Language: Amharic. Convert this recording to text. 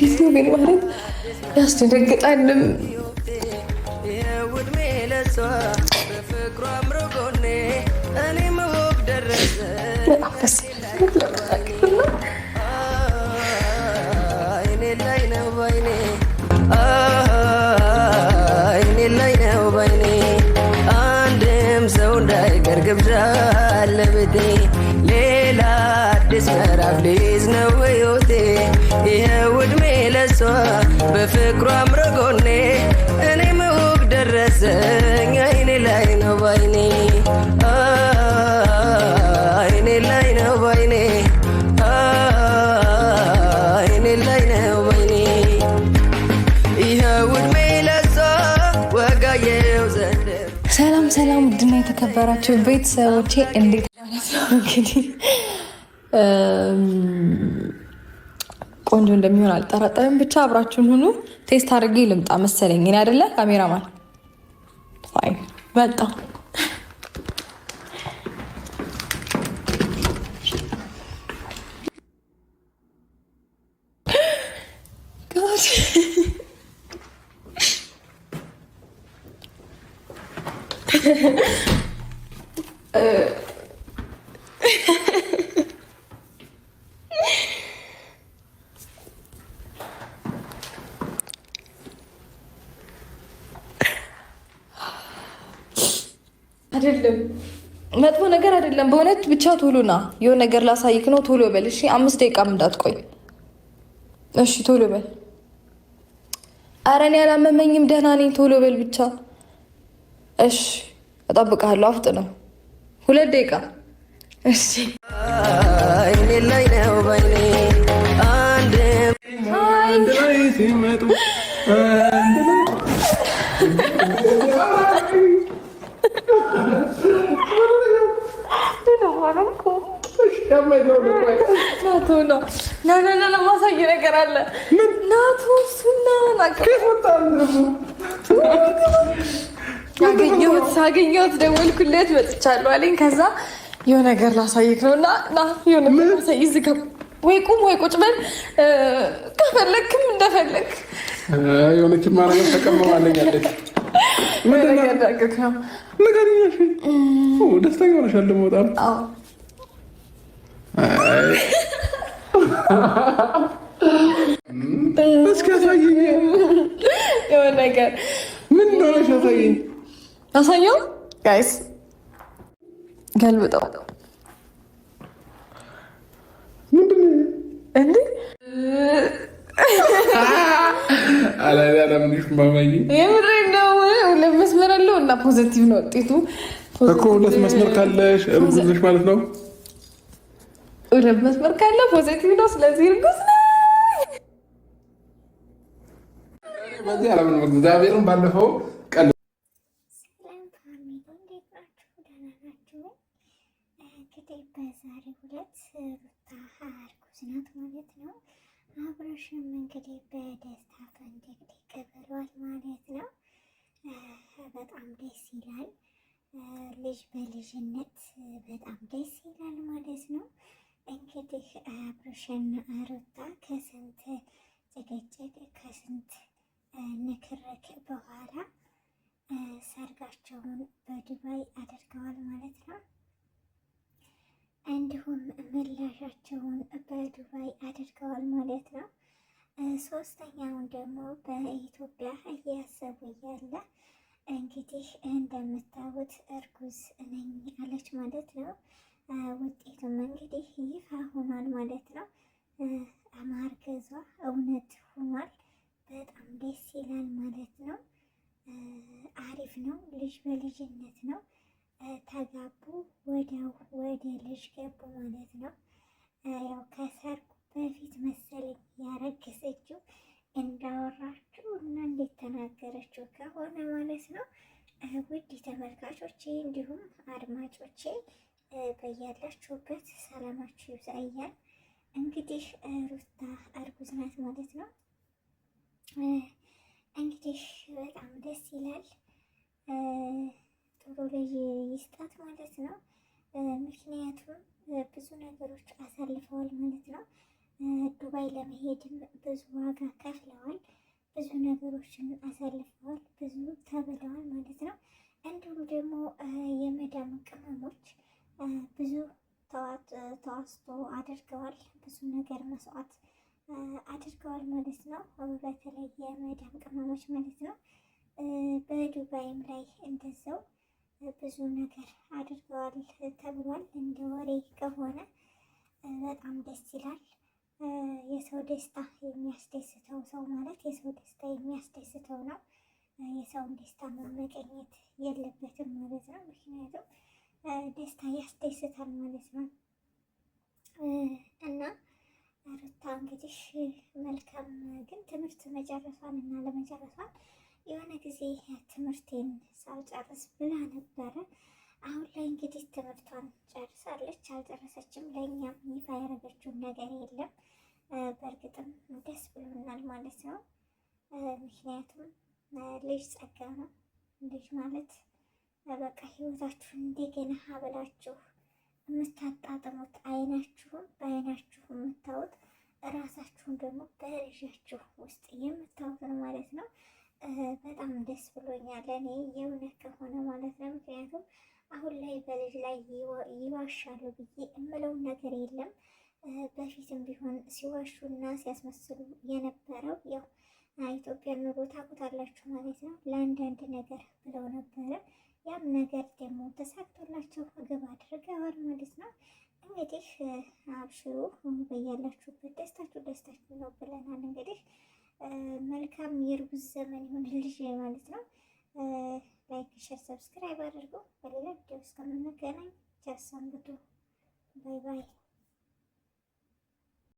እንዴት ማለት ያስደነግጣልም። በጣም ይከብዳል ሌላ አዲስ ምዕራፍ ሊይዝ ነው ሕይወቴ ለሷ በፍቅሯ አምረጎኔ እኔም ደረሰኝ አይኔ ላይ ነው ባይኔ ሰላም ሰላም፣ ውድና የተከበራችሁ ቤተሰቦቼ እንዴት እንግዲህ ቆንጆ እንደሚሆን አልጠራጠርም። ብቻ አብራችሁን ሁኑ። ቴስት አድርጌ ልምጣ መሰለኝ። እኔ አይደለ ካሜራማን መጣ አይደለም መጥፎ ነገር አይደለም። በእውነት ብቻ ቶሎ ና፣ የሆነ ነገር ላሳይክ ነው። ቶሎ በል እሺ። አምስት ደቂቃም እንዳትቆይ እሺ። ቶሎ በል። አረ እኔ አላመመኝም፣ ደህና ነኝ። ቶሎ በል ብቻ እሺ። እጠብቅሃለሁ። አፍጥነ ሁለት ደቂቃ እሺ። ማሳየ ነገር አለ ናቱ ያገኘሁት ሳገኘሁት ደወልኩለት መጥቻለሁ አለኝ። ከዛ የሆነ ነገር ላሳይክ ነው እና ና የሆነ ሳይ ዝገብ ወይ ቁም ወይ ቁጭ በል ከፈለግክም እንደፈለግ የሆነች ማረገ ተቀመማለኝ አለች። ደስተኛ ሆነሻል በጣም እስኪ አሳይኝ የሆነ ነገር ምን እንደሆነሽ አሳይኝ ያሳየው ጋይስ ገልብጠው ሁለት መስመር አለው እና ፖዘቲቭ ነው ውጤቱ እኮ ሁለት መስመር ካለሽ እርጉዝ ነሽ ማለት ነው። ሁለት መስመር ካለ ፖዘቲቭ ነው። ስለዚህ እርጉዝ ነው። በዚህ አለምን እግዚአብሔርን ባለፈው እርጉዝ ናት ማለት ነው። አብረሽም እንግዲህ በደስታ ፈንድቅድቅ ብሏል ማለት ነው። በጣም ደስ ይላል። ልጅ በልጅነት በጣም ደስ ይላል ማለት ነው። እንግዲህ አብረሽና ሩታ ከስንት ጭቅጭቅ ከስንት ንክርክ በኋላ ሰርጋቸውን በዱባይ አድርገዋል ማለት ነው። ሶስተኛውን ደግሞ በኢትዮጵያ እያሰቡ እያለ እንግዲህ እንደምታዩት እርጉዝ ነኝ አለች ማለት ነው። ውጤቱም እንግዲህ ይፋ ሆኗል ማለት ነው። ማርገዟ እውነት ሆኗል። በጣም ደስ ይላል ማለት ነው። አሪፍ ነው። ልጅ በልጅነት ነው። ተጋቡ፣ ወደ ልጅ ገቡ ማለት ነው። ያው ከሰርጉ በፊት መሰለኝ ያረገዘችው እንዳወራችሁ እና እንደተናገረችው ከሆነ ማለት ነው። ውድ ተመልካቾቼ እንዲሁም አድማጮቼ በያላችሁበት ሰላማችሁ ይብዛ እያል እንግዲህ ሩታ እርጉዝ ናት ማለት ነው። እንግዲህ በጣም ደስ ይላል። ጥሩ ልጅ ይስጣት ማለት ነው። ምክንያቱም ብዙ ነገሮች አሳልፈዋል ማለት ነው። ዱባይ ለመሄድም ብዙ ዋጋ ከፍለዋል። ብዙ ነገሮችን አሳልፈዋል። ብዙ ተብለዋል ማለት ነው። እንዲሁም ደግሞ የመዳም ቅመሞች ብዙ ተዋስቶ አድርገዋል። ብዙ ነገር መስዋዕት አድርገዋል ማለት ነው። በተለይ የመዳም ቅመሞች ማለት ነው። በዱባይም ላይ እንደዛው ብዙ ነገር አድርገዋል ተብሏል። እንደ ወሬ ከሆነ በጣም ደስ ይላል። የሰው ደስታ የሚያስደስተው ሰው ማለት የሰው ደስታ የሚያስደስተው ነው። የሰውን ደስታ መመቀኘት የለበትም ማለት ነው። ምክንያቱም ደስታ ያስደስታል ማለት ነው። እና ሩታ እንግዲህ መልካም ግን ትምህርት መጨረሷን እና ለመጨረሷን የሆነ ጊዜ ትምህርቴን ሳልጨርስ ብላ ነበረ አሁን ላይ እንግዲህ ትምህርቷን ጨርሳለች አልጨረሰችም፣ ለእኛም ይፋ ያደረገችው ነገር የለም። በእርግጥም ደስ ብሎናል ማለት ነው። ምክንያቱም ልጅ ጸጋ ነው። ልጅ ማለት በቃ ህይወታችሁን እንደገና ሀብላችሁ የምታጣጥሙት አይናችሁም በአይናችሁ የምታዩት እራሳችሁን ደግሞ በልጃችሁ ውስጥ የምታዩት ነው ማለት ነው። በጣም ደስ ብሎኛል እኔ የእውነት ከሆነ ማለት ነው ምክንያቱም አሁን ላይ በልጅ ላይ ይዋሻሉ ብዬ እምለው ነገር የለም። በፊትም ቢሆን ሲዋሹና ሲያስመስሉ የነበረው ያው ኢትዮጵያ ኑሮ ታውቁታላችሁ ማለት ነው። ለአንዳንድ ነገር ብለው ነበረ። ያም ነገር ደግሞ ተሳክቶላቸው ግብ አድርገዋል ማለት ነው። እንግዲህ አብሽሩ በያላችሁበት ደስታችሁ ደስታችሁ ነው ብለናል። እንግዲህ መልካም የእርጉዝ ዘመን ይሁንልሽ ማለት ነው። ላይክ፣ ሸር፣ ሰብስክራይብ አድርጉ። በሌላ ቪዲዮ እስከምንገናኝ ቸር ሰንብቱ። ባይ ባይ።